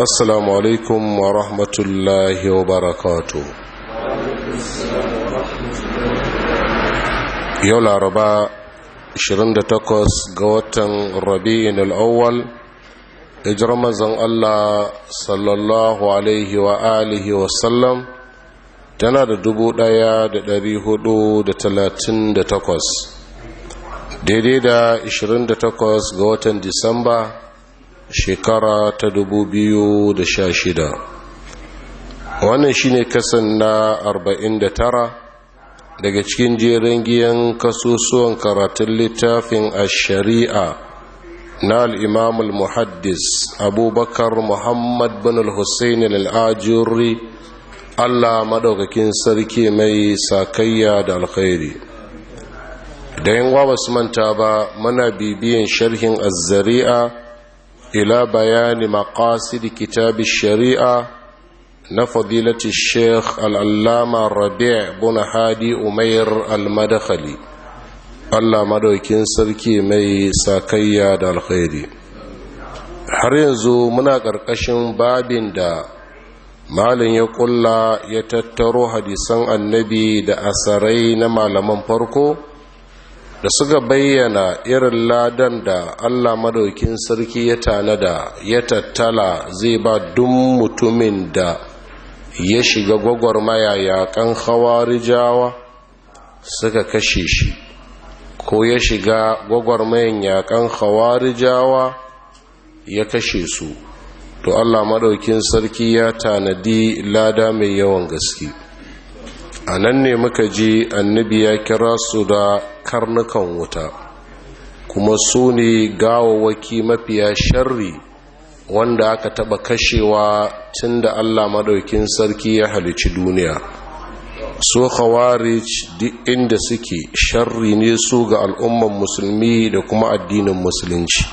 assalamu alaikum wa rahmatullahi wa barakatu yau laraba 28 ga watan rabi'in al'awwal ijar mazan Allah sallallahu alaihi wa alihi wa sallam tana da dubu ɗaya da da da talatin takwas, daidai da 28 ga watan disamba shekara ta dubu biyu da sha shida. wannan shine kasan na arba'in da tara daga cikin jerin giyan kasusuwan karatun littafin a shari'a na al'imam al-muhaddis abubakar muhammad bin al-hussein al allah maɗaukakin sarki mai sakayya da alkhairi da yin wa basu manta ba mana bibiyan sharhin azzari'a إلى بيان مقاصد كتاب الشريعة نفضيلة الشيخ العلامة الربيع بن هادي أمير المدخلي الله مدوكين سركي مي ساكيا دا الخير har yanzu muna ƙarƙashin babin da malin ya ƙulla ya tattaro hadisan annabi da asarai na malaman da suka bayyana irin ladan da Allah madaukin sarki ya tanada ya tattala zai ba duk mutumin da ya shiga gwagwarmaya yaƙan hawarijawa suka kashe shi ko ya shiga gwagwarmayan yaƙan hawarijawa ya kashe su to Allah madaukin sarki ya tanadi lada mai yawan gaske a nan ne muka ji annabi ya kira su da karnukan wuta kuma su ne gawawaki mafiya sharri wanda aka taba kashewa tun da allah maɗaukin sarki ya halici duniya su khawarij duk inda suke sharri ne su ga al'ummar musulmi da kuma addinin musulunci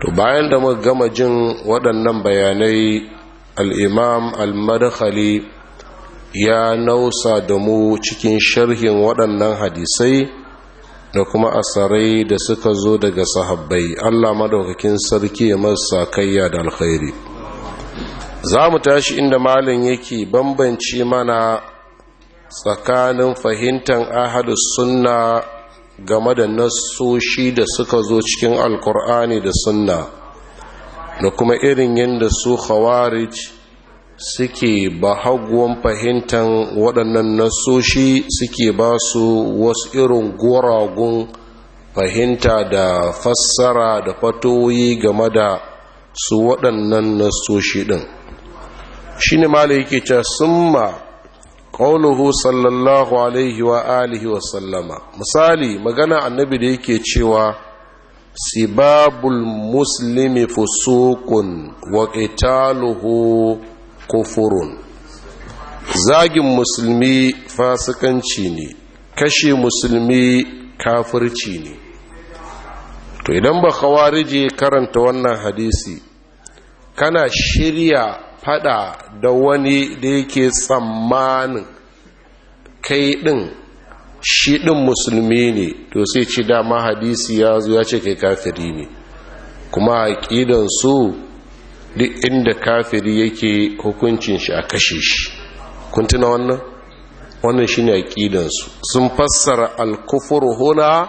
to bayan da muka gama jin waɗannan bayanai al'imam al-madakhali ya nausa da mu cikin sharhin waɗannan hadisai da kuma asarai da suka zo daga sahabbai allah madaukakin sarki ya masa kayya da alkhairi za mu tashi inda malin yake bambanci mana tsakanin fahimtar Ahadu sunna game da nasoshi da suka zo cikin alkur'ani da sunna da kuma irin yadda su khawarij suke ba haguwan fahimtar waɗannan nasoshi suke ba su wasu irin goragun fahimta da fassara da fatoyi game da su waɗannan nasoshi ɗin shi ne mala yake ce sun ma ƙaunuhu sallallahu alaihi wa alihi wa sallama misali magana annabi da yake cewa sibabul muslimi fusukun wa ƙitaluhu kofurun zagin musulmi fasikanci ne kashe musulmi kafirci ne to idan ba kawarije karanta wannan hadisi kana shirya fada da wani da yake tsammanin kai din shi din musulmi ne to sai ci dama hadisi ya zo ya ce kai kafiri ne kuma su. duk inda kafiri yake hukuncin shi a kashe shi kun tuna wannan wannan shine aqidan su sun fassara al-kufru huna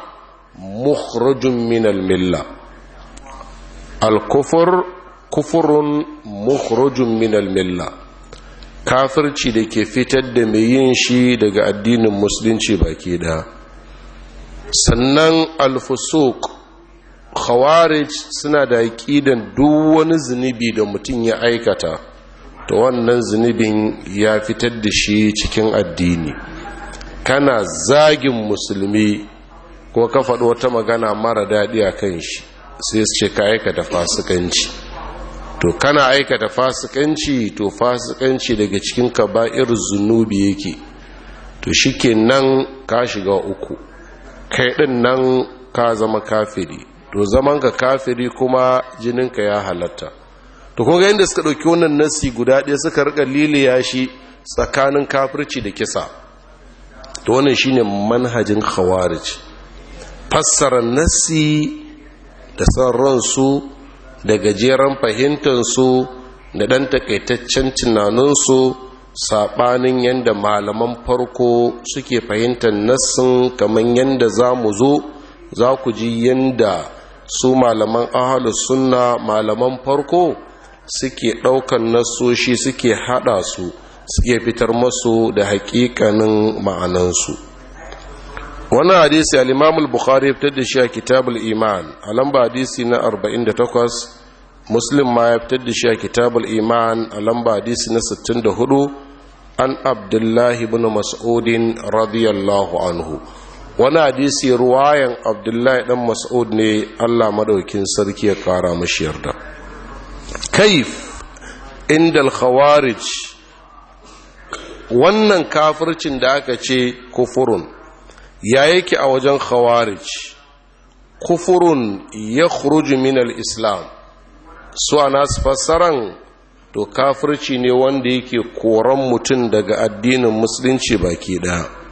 mukhrajun min al-milla al-kufr kufrun min al-milla kafirci da ke fitar da mai yin shi daga addinin musulunci baki da sannan alfusuk. khawarij suna da aƙidan duk wani zunubi da mutum ya aikata to wannan zunubin ya fitar da shi cikin addini kana zagin musulmi ko ka faɗi wata magana mara daɗi a kan shi sai su ce ka aikata fasikanci to kana aikata fasikanci to fasikanci daga cikin ka ba'ir zunubi yake to shi nan ka shiga uku kai ɗin nan ka zama kafiri to zaman ka kafiri kuma jininka ya halatta to kun ga inda suka ɗauki wannan nasi guda ɗaya suka rika liliya shi tsakanin kafirci da kisa to wannan shine manhajin khawarij fassara nasi da san ransu da gajeren fahimtansu da ɗan takaitaccen tunaninsu saɓanin yadda malaman farko suke fahimtar nassin kaman yadda za mu zo za ku ji yanda. su malaman ahalus sunna malaman farko suke ɗaukan nasoshi suke haɗa su suke fitar masu da haƙiƙanin ma'anansu wannan hadisi Alimamul bukhari fitar da shi a kitabul iman a lamba hadisi na 48 muslim ma ya fitar da shi a kitabul iman a lamba hadisi na 64 an abdullahi bin mas'udin radiyallahu anhu wani hadisi ruwayan abdullahi dan mas'ud ne allah maɗaukin sarki ya ƙara mashi yarda kaif inda alkhawarij wannan kafircin da aka ce kufurun ya yake a wajen khawarij kufurun ya min islam su a fassaran to kafirci ne wanda yake koran mutum daga addinin musulunci baki ɗaya.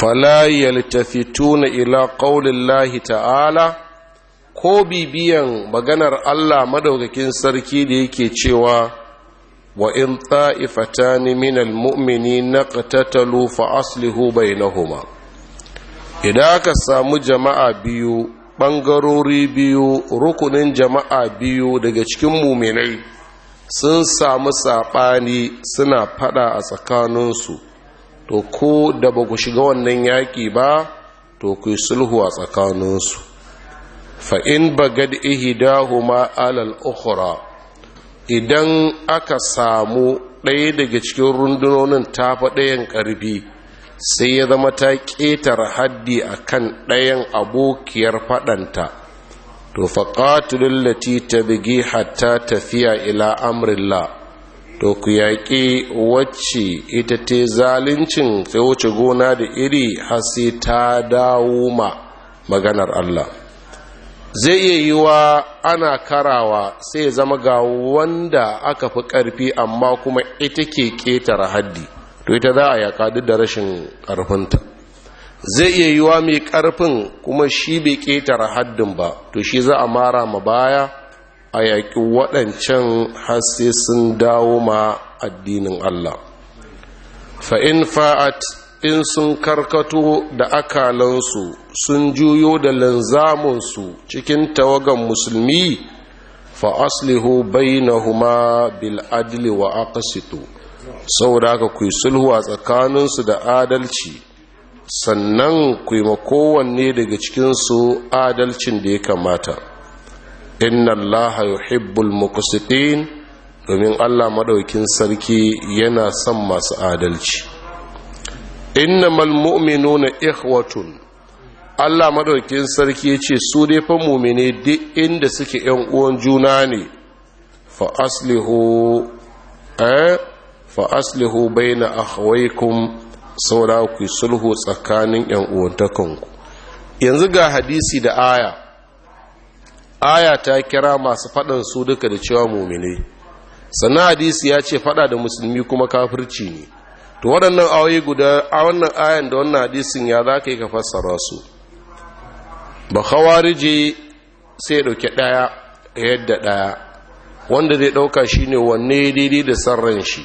fala na ila qaulillahi ta'ala ko bibiyan maganar Allah madaukakin sarki da yake cewa wa in ta'ifatani minal mu'minina qatatalu fa aslihu bainahuma idan aka samu jama'a biyu bangarori biyu rukunin jama'a biyu daga cikin muminai sun samu saɓani suna fada a tsakaninsu to ko da ba ku shiga wannan yaƙi ba to ku sulhu a tsakaninsu fa'in bagad ihidahuma alal ukura. idan aka samu ɗaya daga cikin rundunonin ta tafa ɗayan ƙarfi sai ya zama ta ƙetare haddi a kan ɗayan abokiyar faɗanta to faƙatulun lati ta bugi hatta tafiya ila amrillah to ku yaƙi wacce ita te zalincin sai wuce gona da iri har ta dawo ma maganar Allah zai iya yi wa ana karawa sai zama ga wanda aka fi ƙarfi amma kuma ita ke ƙetare haddi to ita za a yaƙa duk da rashin ƙarfinta zai iya yi wa mai ƙarfin kuma shi bai ƙetare haddin ba to shi za a mara ma baya a yaƙi waɗancan hasse sun dawo ma addinin Allah fa'in fa'at in sun karkato da akalansu sun juyo da lanzamunsu cikin tawagan musulmi fa aslihu bainahuma bil adli wa aqsitu saboda ka ku sulhu a tsakaninsu da adalci sannan ku yi kowanne daga cikinsu adalcin da ya kamata inna allaha yuhibbul muqsitin domin Allah madaukin sarki yana son masu adalci Inna innamal mu'minuna ikhwatun Allah madaukin sarki yace su dai fa mu'mine duk inda suke yan uwan juna ne fa aslihu eh fa aslihu baina akhawaykum saura ku sulhu tsakanin yan uwantakanku yanzu ga hadisi da aya aya ta kira masu faɗan su duka da cewa mumine sannan hadisi ya ce faɗa da musulmi kuma kafirci ne to waɗannan ayoyi guda a wannan ayan da wannan hadisin ya za ka yi ka fassara su ba je sai ya ɗauki ɗaya yadda ɗaya wanda zai ɗauka shi ne wanne daidai da sarran shi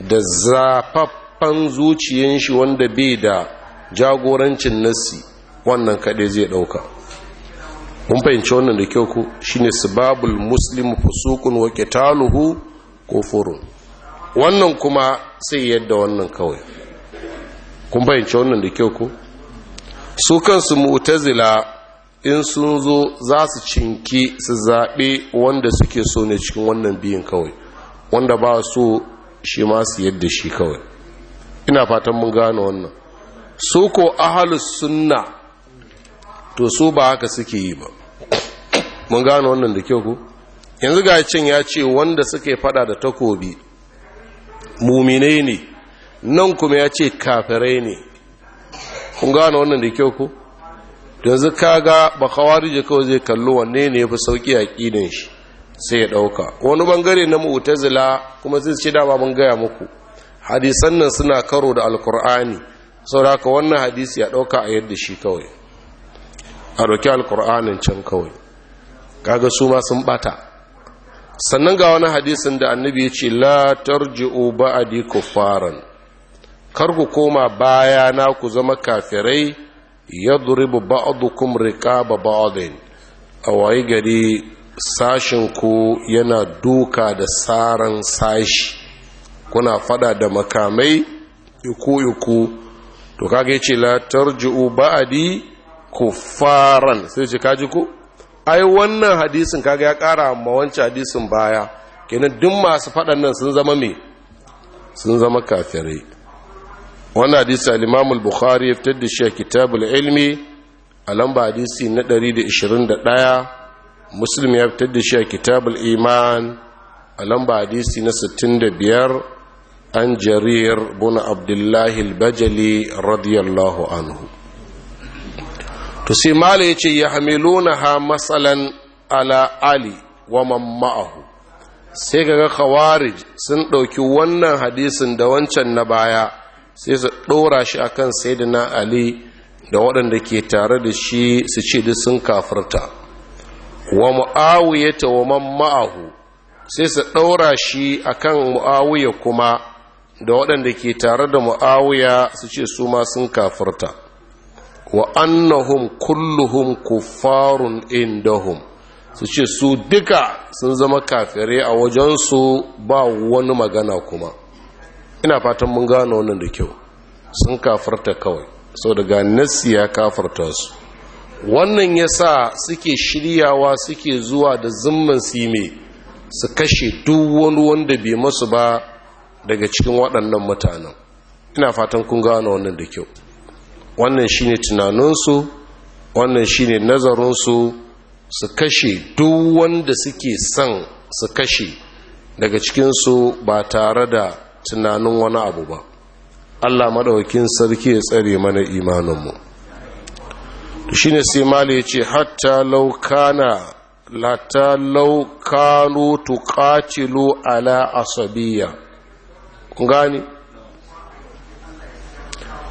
da zafaffan zuciyan shi wanda bai da jagorancin nassi wannan kaɗai zai ɗauka mun fahimci wannan da kyau ku shine sababul muslimu wake wa qitaluhu kufurun wannan kuma sai yadda wannan kawai kun fahimci wannan da kyau ku su kansu mu'tazila in sun zo za su cinki su zaɓe wanda suke so ne cikin wannan biyin kawai wanda ba su shi ma su yadda shi kawai ina fatan mun gane wannan su ko ahalus sunna to su ba haka suke yi ba mun gano wannan da kyau ku yanzu ga cin ya ce wanda suke fada da takobi muminai ne nan kuma ya ce kafirai ne kun gano wannan da kyau ku yanzu kaga ba kawari kawai zai kallo wanne ne ya fi sauki a ƙinin shi sai ya ɗauka wani bangare na mu'tazila kuma sai ce dama mun gaya muku hadisan nan suna karo da alkur'ani saboda haka wannan hadisi ya ɗauka a yadda shi kawai a ɗauki alkur'anin can kawai kaga su ma sun bata sannan ga wani hadisin da annabi ya ce la tarji'u ba'di kuffaran kar ku koma baya na ku zama kafirai yadribu ba'dukum riqaba ba'din a waye gari sashin ku yana duka da saran sashi kuna fada da makamai iku iku to ya ce la tarji'u ba'di kuffaran sai ce kaji ku ai wannan hadisin kaga ya kara ma wancan hadisin baya kenan duk masu faɗan nan sun zama me sun zama kafirai wannan hadisi al-Imam al-Bukhari ya fitar da shi a Kitabul Ilmi a lamba hadisi na 121 Muslim ya fitar da shi a Kitabul Iman a lamba hadisi na 65 an Jarir ibn Abdullahi al-Bajali radiyallahu anhu to sai mala ya ce ya na ha matsalan ala wa mamma'ahu sai ga khawarij sun ɗauki wannan hadisin da wancan na baya sai su ɗora shi akan sayyidina ali da waɗanda ke tare da shi su ce duk sun kafirta wa ta wa mamma'ahu sai su ɗaura shi akan ya kuma da waɗanda ke tare da mu'awiya su ce su ma sun kafirta wa annahum kulluhum kuffarun indahum su ce su duka sun zama kafirai a wajensu ba wani magana kuma ina fatan mun gano wannan da kyau sun kafarta kawai sau daga nassi ya kafarta su wannan ya sa suke shiryawa suke zuwa da zimman sime su kashe duk wani wanda bai masu ba daga cikin waɗannan mutanen ina fatan kun gano wannan da kyau wannan shine tunaninsu wannan shine nazarinsu su kashe duk wanda suke son su kashe daga cikinsu ba tare da tunanin wani abu ba allah maɗaukin sarki ya tsare mana imaninmu shi ne sai mali ya ce hatta laukana lata laukano tuƙatilo ala asabiya gani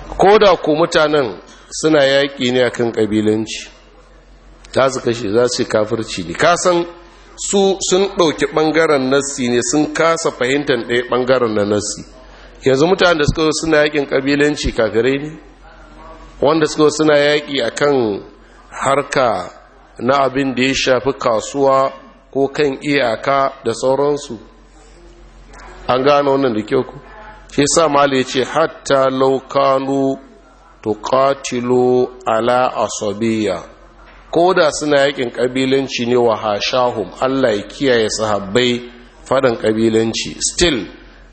ko da ku mutanen suna yaƙi ne a kan ƙabilanci ta su kashe za su kafirci ne kasan su sun ɗauki ɓangaren nassi ne sun kasa fahimtar ɗaya ɓangaren na nassi yanzu mutanen da suka zo suna yaƙin ƙabilanci kafirai ne wanda suka suna yaƙi a kan harka na abin da ya shafi kasuwa ko kan iyaka da sauransu an gano wannan da kyau ku shi sa ya ce hatta laukanu tukatilo ala asobiya ko da suna yakin kabilanci ne wa hashahum Allah ya kiyaye sahabbai faɗan kabilanci still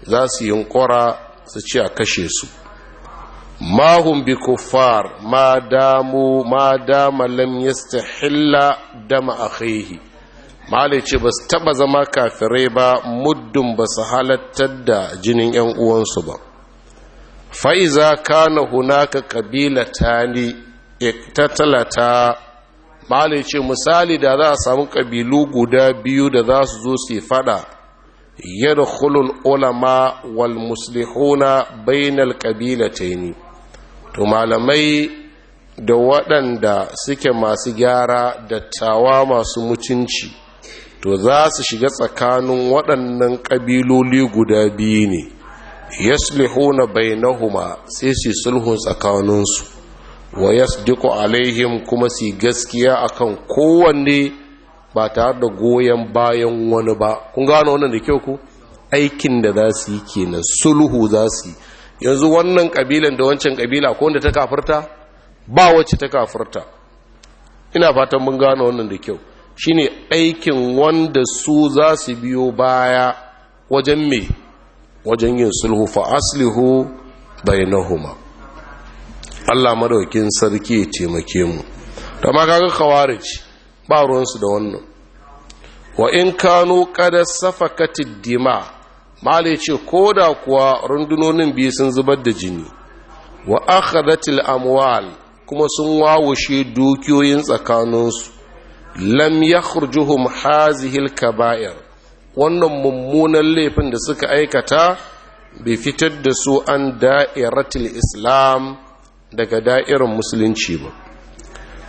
za su yi kora su ci a kashe su mahun bi kufar ma damu ma dama lam yastahilla dama khaihi malai ce ba su taba zama kafirai ba muddin ba su halattar da jinin 'yan uwansu ba fa'iza kana hunaka kabila ta ne talata malai ce misali da za a samu kabilu guda biyu da za su zo su fada hulun ulama wal muslihuna bainal ni, to malamai da waɗanda suke masu gyara dattawa masu mutunci to za su shiga tsakanin waɗannan ƙabiloli guda biyu ne na bainahuma sai su sulhun tsakaninsu wa yasdiqu alaihim kuma su gaskiya akan kowanne ba tare da goyon bayan wani ba kun gano wannan da kyau ku aikin da za su yi kenan sulhu za su yi yanzu wannan ƙabilan da wancan ƙabila ko wanda ta kafarta, ba wacce ta kafarta. ina fatan mun gano wannan da kyau shine aikin wanda su za su biyo baya wajen me wajen yin sulhu fa aslihu bainahuma Allah madaukin sarki ya taimake mu amma kaga khawarij ba ruwansu da wannan wa in kanu qad safakatid dima mali ce koda kuwa rundunonin biyu sun zubar da jini wa akhadatil amwal kuma sun wawushe dukiyoyin tsakaninsu lam yakhrujuhum hazihil kaba'ir wannan mummunan laifin da suka aikata bai fitar da su an da'iratul islam daga da'irar musulunci ba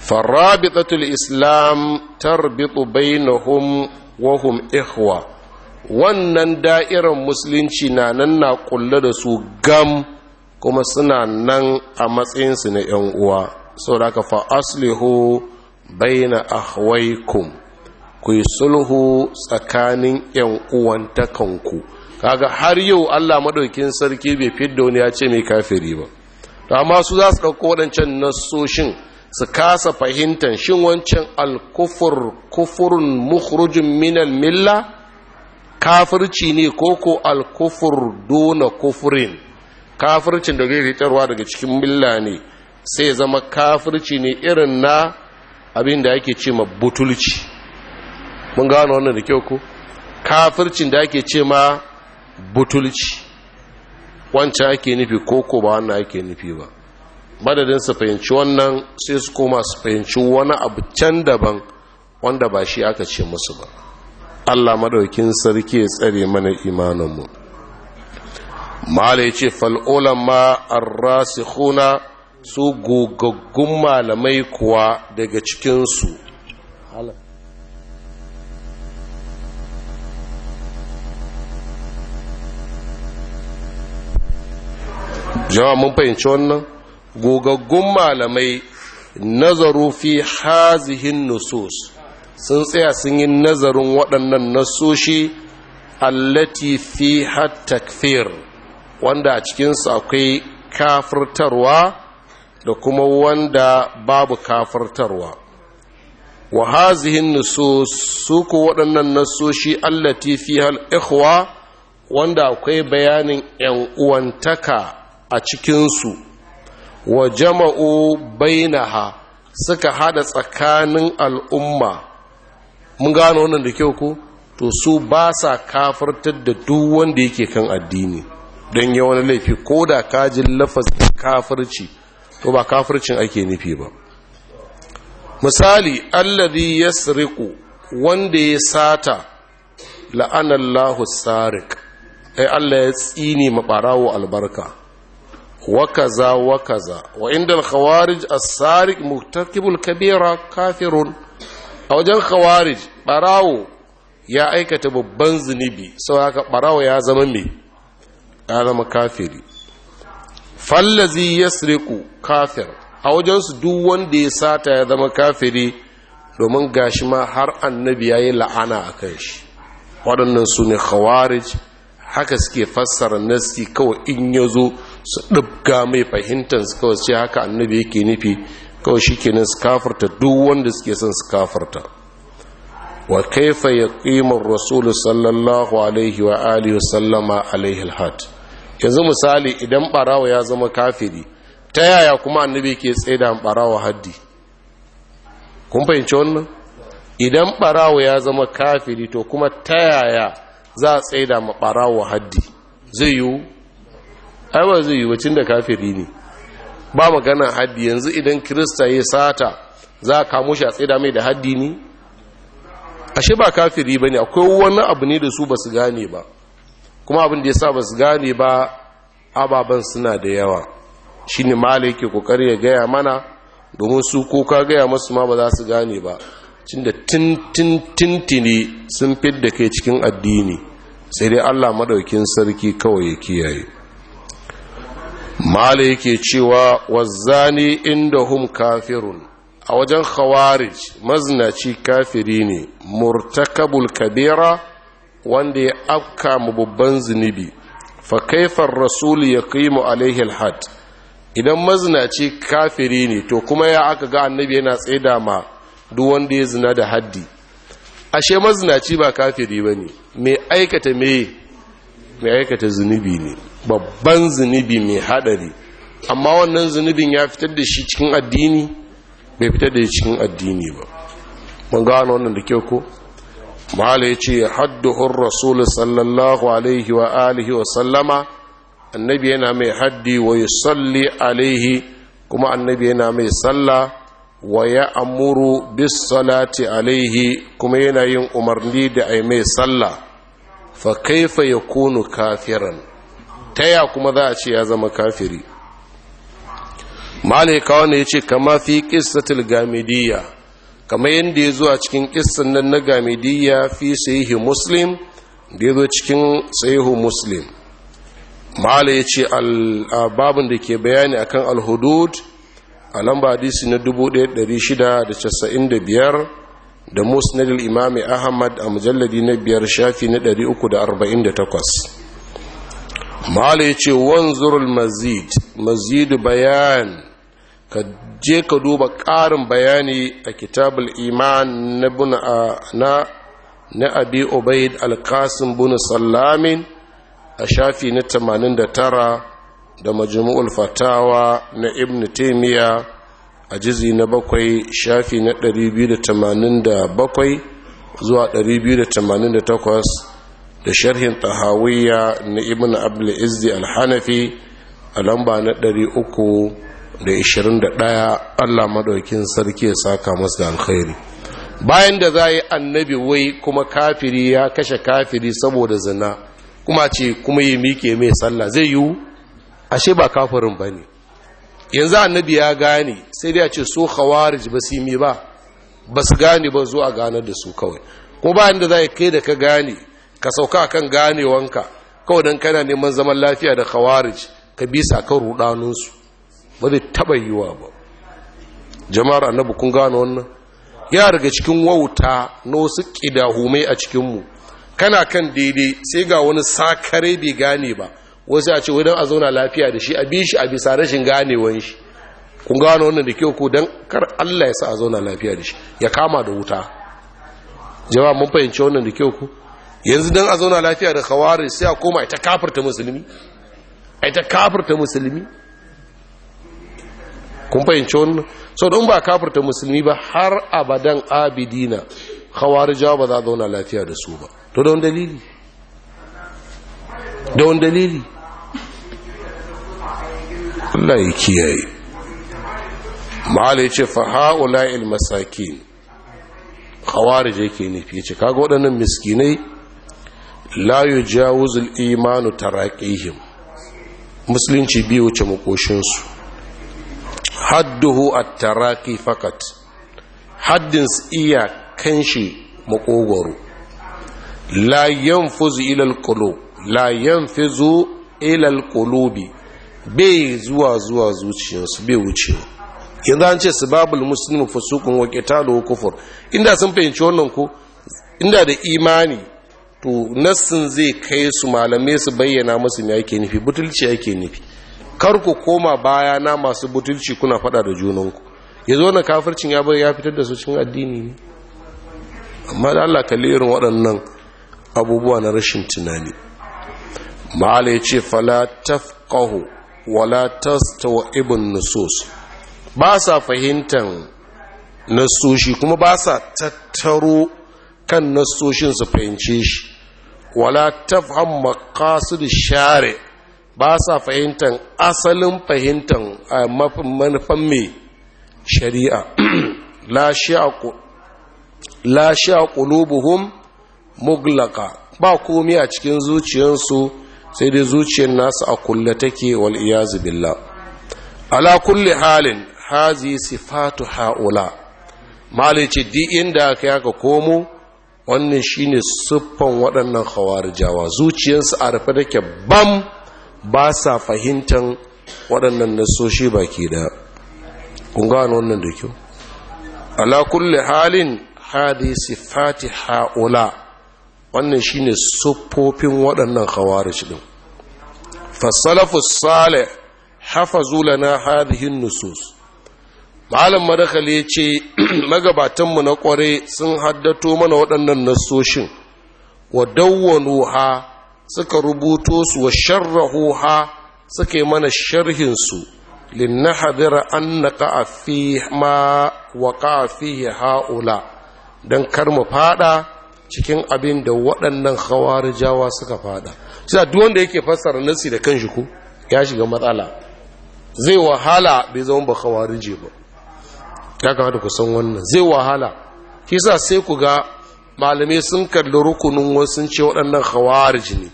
farabitatul islam tarbitu bainahum wa hum ikhwa wannan da'irar musulunci na nan na kulle da su gam kuma suna nan a matsayinsu na 'yan uwa da ka fa aslihu baina ahwaikum kuyi sulhu tsakanin yan uwantakanku kaga har yau Allah madaukin sarki bai fidda wani ya ce mai kafiri ba to amma su za su dauko wadancan nasoshin su kasa fahimtar shin wancan alkufur kufurun mukhrujun minal milla kafirci ne koko alkufur dona kufurin kafircin da zai ritarwa daga cikin milla ne sai zama kafirci ne irin na abin da ake ce ma butulci mun gano wannan da kyau ko kafircin da ake ce ma butulci wancan ake nufi koko ba wannan ake nufi ba madadin su fahimci wannan sai su koma su fahimci wani abu can daban wanda ba shi aka ce musu ba allah madaukin sarki ya tsare mana imaninmu mala ya ce fal'ulan ma rasikhuna su gogaggun malamai kuwa daga cikinsu jawa mun fahimci wannan gogaggun malamai nazaru fi hazihin nusus sun tsaya sun yi nazarin waɗannan nasoshi allati fi takfir wanda a cikinsu akwai kafirtarwa da kuma wanda babu kafartarwa wa hazihin nusus su ku waɗannan nasoshi allati fi hal ikhwa wanda akwai bayanin yan uwantaka a cikinsu wa jama'u bainaha suka hada tsakanin al'umma mun gano wannan da kyau ko to su ba sa kafartar da duk wanda yake kan addini don yawan laifi ko da kajin lafazin kafirci to ba kafircin ake nufi ba misali allazi yasriqu wanda ya sata la'anallahu sarik ai Allah ya tsini mabarawo albarka wa kaza wa kaza wa indal khawarij as kabira kafirun a wajen khawarij barawo ya aikata babban zunubi sai haka barawo ya zama mai ya zama kafiri fallazi yasriku kafir a wajensu duk wanda ya sata ya zama kafiri domin gashi ma har annabi yayi la'ana a kan shi waɗannan su ne khawarij haka suke fassara nasi kawai in yazo su ɗabga mai fahimtar su kawai ce haka annabi yake nufi kawai shi kenan su kafarta duk wanda suke son su kafarta wa kaifa ya ƙimar rasulu sallallahu alaihi wa alihi wa sallama alaihi alhati yanzu misali idan barawa ya zama kafiri ta yaya kuma annabi ke tsaida barawa haddi kun fahimci wannan idan barawa ya zama kafiri to kuma ta yaya za a tsaida ma barawa haddi zai yi aiwa zai yi wacin da kafiri ne ba magana haddi yanzu idan kirista ya sata za a kamo shi a tsaida mai da haddi ne ashe ba kafiri ba ne akwai wani abu ne da su ba su gane ba kuma abin da ya sa ba su gane ba ababen suna da yawa shi ne mala yake kokari ya gaya mana domin su ko gaya masu ma ba za su gane ba cin da tintini sun fidda kai cikin addini sai dai allah maɗaukin sarki kawai ya kiyaye mala yake cewa wazzani inda hum kafirun a wajen khawarij mazinaci kafiri ne murtakabul kabira wanda ya afka mu babban zunubi fa kaifar rasul ya mu alaihi alhad idan mazinaci kafiri ne to kuma ya aka ga annabi yana tsaida ma duk wanda ya zina da haddi ashe mazinaci ba kafiri bane me aikata me me aikata zunubi ne babban zunubi mai hadari amma wannan zunubin ya fitar da shi cikin addini bai fitar da shi cikin addini ba mun gano wannan da kyau ko malai ya ce hadduhun rasul sallallahu alaihi wa alihi wa sallama annabi yana mai haddi wa yi salli alaihi kuma annabi yana mai salla wa ya amuru bis salati alaihi kuma yana yin umarni da a mai salla fa kaifa ya kunu kafiran ta taya kuma za a ce ya zama kafiri malai kawo ne ya ce kama fi ƙistatil gamidiyya kamar yadda ya zo a cikin kissan nan na gamidiyya fi sahihi muslim da ya zo cikin sahihu muslim ma'ala ya ce babin da ke bayani akan hudud a lamba hadisi na 1695 da musnadil imami ahmad a mujalladi na biyar shafi na 348 ma'ala ya ce wanzurul mazid mazid bayan ka je ka duba ƙarin bayani a kitabul iman na na na abi ubaid al-qasim bin sallamin a shafi na 89 da majmu'ul fatawa na ibn taymiya a jizi na bakwai shafi na 287 zuwa 288 da sharhin tahawiyya na ibn abul izzi al-hanafi a lamba na 300 da 21 Allah madaukin sarki ya saka masu da alkhairi bayan da za yi annabi wai kuma kafiri ya kashe kafiri saboda zina kuma ce kuma yi mike mai sallah zai yiwu ashe ba kafirin ba ne yanzu annabi ya gane sai dai a ce su khawarij ba su yi ba ba su gane ba zuwa ganar da su kawai Kuma bayan da za yi kai da ka gane ka sauka kan ganewanka kawai don kana neman zaman lafiya da khawarij ka bisa kan rudanunsu. ba zai taɓa yiwa ba jama'ar annabi kun gano wannan ya daga cikin wauta na wasu ƙidahumai a cikinmu kana kan daidai sai ga wani sakare bai gane ba wasu a ce wai don a zauna lafiya da shi a bi shi a bisa rashin ganewan shi kun gano wannan da kyau ko don kar allah ya sa a zauna lafiya da shi ya kama da wuta jama'a mun fahimci wannan da kyau ko yanzu don a zauna lafiya da khawarij sai a koma ita kafirta musulmi ita kafirta musulmi kun fahimci wannan so don ba kafirta musulmi ba har abadan abidina khawarijawa ba za zauna lafiya da su ba to don dalili wani dalili Allah ya kiyaye ma'ala ya ce faha'ula ilmasakin jai yake nufi ce kaga waɗannan miskinai la jawuzul imanu taraqihim musulunci biyu ce makoshinsu hadduhu at-taraki fakat haddin iya kanshi makogoro la yanfuzu ila al-qulub la yanfuzu ila al-qulubi bai zuwa zuwa zuciyarsu bai wuce yanzu an ce sababul muslimu fusukun wa qitalu kufur inda sun fahimci wannan ko inda da imani to nassin zai kai su malamai su bayyana musu me yake nufi butulci yake nufi kar ku koma baya na masu butulci kuna fada da junanku ya zo na kafircin ya bai ya fitar da su cikin addini ne amma da Allah kalli irin waɗannan abubuwa na rashin tunani ma'ala ya ce fala tafqahu wala tastawa ibn nusus ba sa fahimtar nasoshi kuma ba sa tattaro kan nasoshin su fahimce shi wala tafham maqasid share' ba sa fahimtar asalin fahimtar manufan mai shari'a la sha ƙulubuhum muglaka ba komi a cikin zuciyarsu sai dai zuciyar nasu a kulle take wal iyazu billah ala kulli halin hazi sifatu haula malice di inda aka yaka komo wannan shine siffan waɗannan khawarijawa zuciyarsu a rufe take bam ba sa fahimtar waɗannan nasoshi baki da kun gano wannan da kyau ala kulle halin hadi sifati haula wannan shine siffofin waɗannan khawarij din fasalafus salih hafazu lana hadhihi nusus malam madakali ya ce magabatanmu na kware sun haddato mana waɗannan nasoshin wa dawwanu ha suka rubuto su wa sharrahuha suka yi mana sharhinsu linnahadira an na fi ma wa ya ha'ula don kar mu fada cikin abin da waɗannan jawa suka fada shi duk wanda yake fassara nasi da kan shiku ya shiga matsala zai wahala bai zama ba hawarije ba ya kamata ku san wannan zai wahala shi sa sai ku ga malamai sun kalli rukunin wasu sun ce waɗannan khawarij ne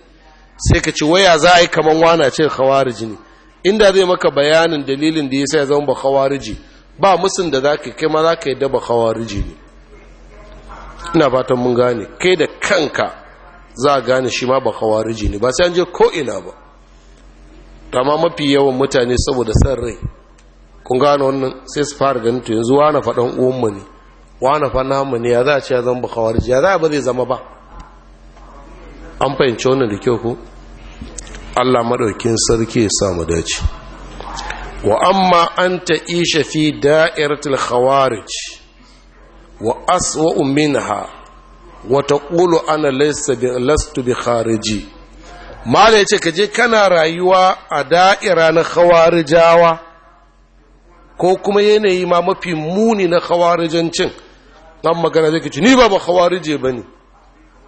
sai ka ci waya za a yi kamar wana ce khawarij ne inda zai maka bayanin dalilin da ya sa ya zama ba khawariji ba musun da za ka kai ma za ka yi daba khawariji ne ina fatan mun gane kai da kanka za a gane shi ma ba khawariji ne ba sai an je ko ina ba Dama mafi yawan mutane saboda san rai kun gane wannan sai su fara ganin to yanzu wana faɗan uwanmu ne wani fa namu ne ya za a ce ya zama ji. ya za a ba zai zama ba an fahimci wani da kyau ku allah maɗaukin sarki ya samu dace wa amma an ta isha fi da'iratul khawarij wa aswa'u minha wa taqulu ana laysa bi lastu bi khariji mala yace je kana rayuwa a da'ira na khawarijawa ko kuma yanayi ma mafi muni na khawarijancin dan magana zai ci ni ba ba khawarije bane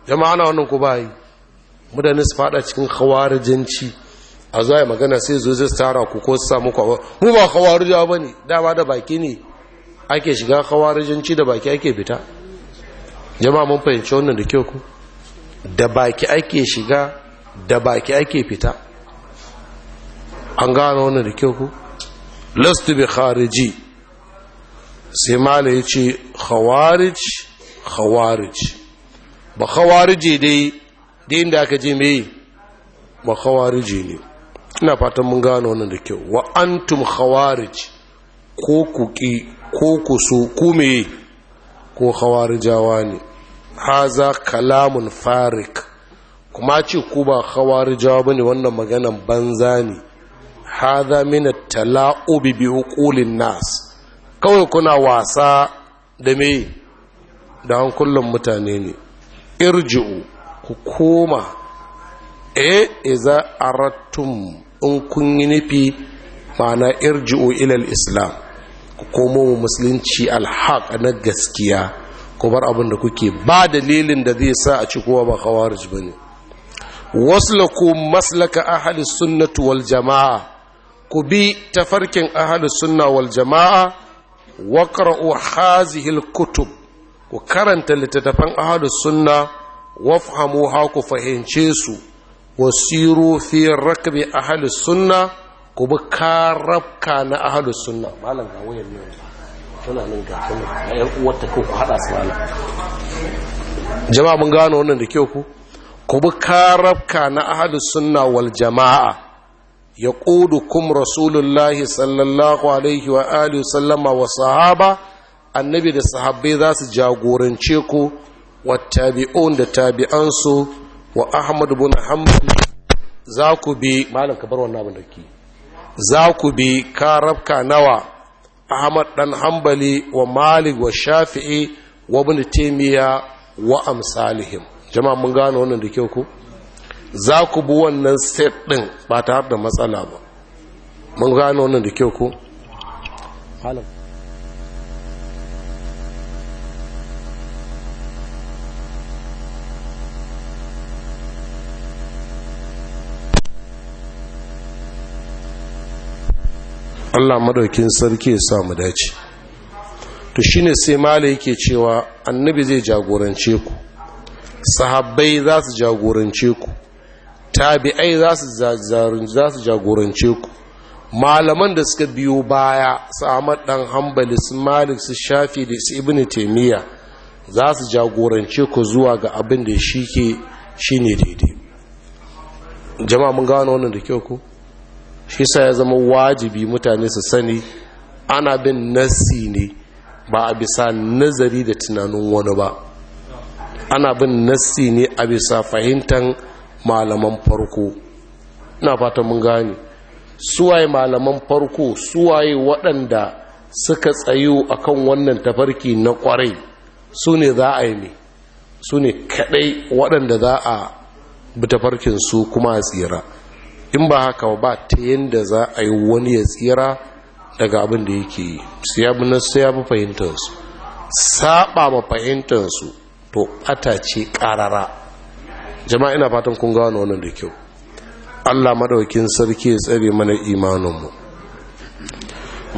jama'a na wannan ku bai mutane su fada cikin khawarijanci a zai magana sai zo zai tara ku ko su muku kwawa mu ba khawarija bane dama da baki ne ake shiga khawarijanci da baki ake fita jama'a mun fahimci wannan da kyau ku da baki ake shiga da baki ake fita an gano wannan da kyau ku lastu bi khariji sai mala ya ce khawarij khawarij ba khawarije dai da inda aka je mai ba khawarije ne ina fatan mun gano wannan da kyau wa antum khawarij ko ku ko ku ku mai ko khawarijawa ne haza kalamun farik kuma ce ku ba khawarijawa bane wannan maganan banza ne haza min tala'ubi bi hukulin nas kawai kuna wasa da me da hankulan mutane ne irji'u ku koma e iza arattum in kun yi nufi ma'ana irji'u ilal islam ku komo mu musulunci alhaq na gaskiya ku bar abin da kuke ba dalilin da zai sa a ci kowa ba khawarij bane waslaku maslaka ahli sunnati wal jamaa ku bi tafarkin ahli sunna wal jamaa Waƙar hazihil kutub ku karanta littattafan ahlus sunna wafhamu ha ku fahimce su wasiru fi rakbi ahlus sunna ku bi karabka na ahlus sunna jama'a mun gano wannan da kyau ku ku bi karabka na ahlus sunna wal jama'a ya ƙudu kum rasulullahi sallallahu alaihi wa alihi sallama wa sahaba annabi da sahabbai za su jagorance ku wa tabi'un da tabi'ansu wa ahmad bin hanbal za ku bi malam kabar wannan abin da ke za ku bi karabka nawa ahmad dan hanbali wa malik wa shafi'i wa ibn taymiya wa amsalihim jama'a mun gano wannan da ke ku za ku bi wannan set ɗin ba tare da matsala ba mun gano wannan da kyau ko halin Allah madaukin sarki ya sa mu dace to shine sai malai yake cewa annabi zai jagorance ku sahabbai za su jagorance ku tabi'ai za su jagorance ku malaman da suka biyo baya su amad dan hambali su malik su shafi da su ibn taimiyya za su jagorance ku zuwa ga abin da shi ke shi ne daidai jama'a mun gano wannan da kyau ku shi sa ya zama wajibi mutane su sani ana bin nasi ne ba a bisa nazari da tunanin wani ba ana bin nasi ne a bisa fahimtar malaman farko ina fatan mun gane suwaye malaman farko suwaye waɗanda suka tsayo akan wannan tafarki na kwarai su ne za a yi ne su ne kaɗai waɗanda za a bi tafarkin su kuma a tsira in ba haka ba ta yadda za a yi wani ya tsira daga abin da yake yi su ya bi nasu ya bi fahimtarsu saba ma fahimtarsu to ɓata ce ƙarara jama'a ina fatan kun gano wannan da kyau Allah madaukin sarki ya tsare mana imaninmu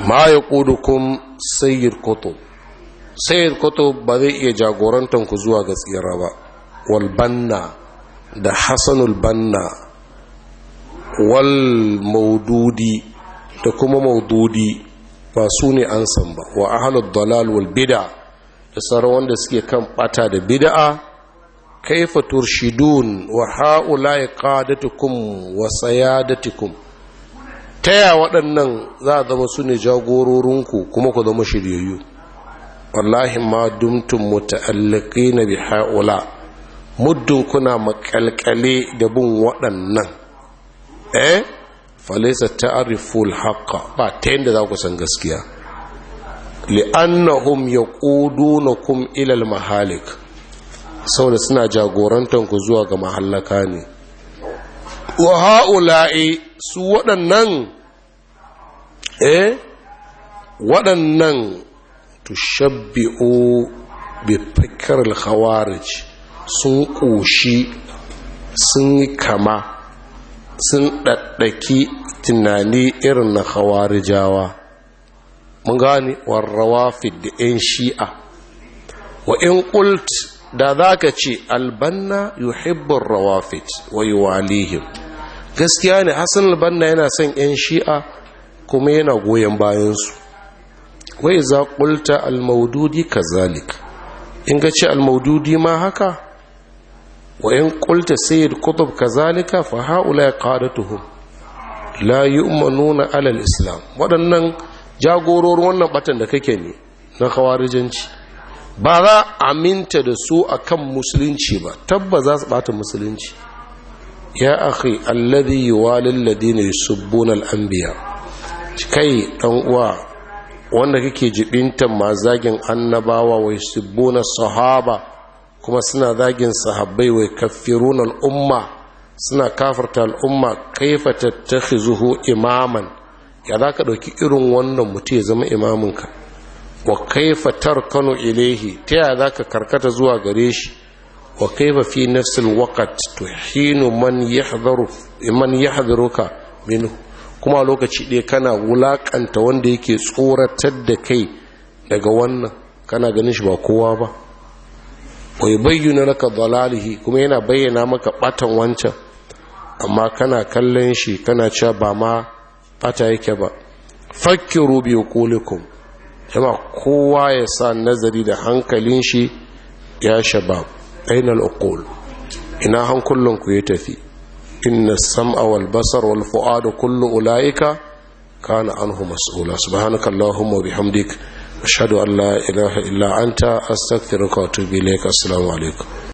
ma ya kudukum sayyid kutub sayyid kutub ba zai iya jagorantar ku zuwa ga tsira ba wal banna da hasanul banna wal maududi da kuma maududi ba su ne an san ba wa ahlud dalal wal bid'a da sauran wanda suke kan bata da bid'a kaifa turshidun wa ha'ulai qadatukum wa sayadatukum taya waɗannan za a zama su ne jagororinku kuma ku zama shiryayyu wallahi ma dumtum muta'alliqina bi ha'ula muddin kuna makalkale da bin waɗannan eh falaisa ta'riful haqqa ba ta yanda za ku san gaskiya li'annahum yaqudunkum ila ilal mahalik saboda suna jagorantar ku zuwa ga mahallaka ne wa ha'ula'i su waɗannan eh waɗannan tushabbi'u bi fikr al sun ƙoshi sun yi kama sun ɗaɗɗaki tunani irin na khawarijawa mun gane warrawa da 'yan shi'a wa in ƙult da za ka ce albanna yuhibbur rawafit wa yuwalihim gaskiya ne hassan albanna yana son 'yan shi'a kuma yana goyon bayansu wai za kulta almaududi kazalik in ga ce almaududi ma haka wa ƙulta kulta sayyid kutub kazalika fa haula ya tuhum. la yi nuna alal islam waɗannan jagororin wannan batan da kake ne na kawarijanci ba za aminta da su akan musulunci ba tabba za su bata musulunci ya akhi alladhi yuwalil ne su al-anbiya kai ɗan uwa wanda kake jibintan mazagin annabawa wai buna sahaba kuma suna zagin sahabbai wai kaffiruna al-umma suna kafarta al'umma kaifa tattakhizuhu imaman ya zaka ɗauki irin wannan mutum ya zama imaminka wa kaifa tarkanu ilaihi ta ya ka karkata zuwa gare shi wa kaifa fi nafsil waqt hinu man yahdaru man yahdaruka minhu kuma lokaci ɗaya kana wulakanta wanda yake tsoratar da kai daga wannan kana ganin shi ba kowa ba wai bayyana naka dalalihi kuma yana bayyana maka batan wancan amma kana kallon shi kana cewa ba ma bata yake ba fakkiru bi qulikum yaba kowa ya sa nazari da hankalin shi ya shabab ainal uqul ina hankulinku ku ya tafi inna sam'a wal basar wal kullu ulaika kana anhu mas'ula subhanaka allahumma bihamdik ashhadu an la ilaha illa anta astaghfiruka wa atubu ilaik assalamu alaikum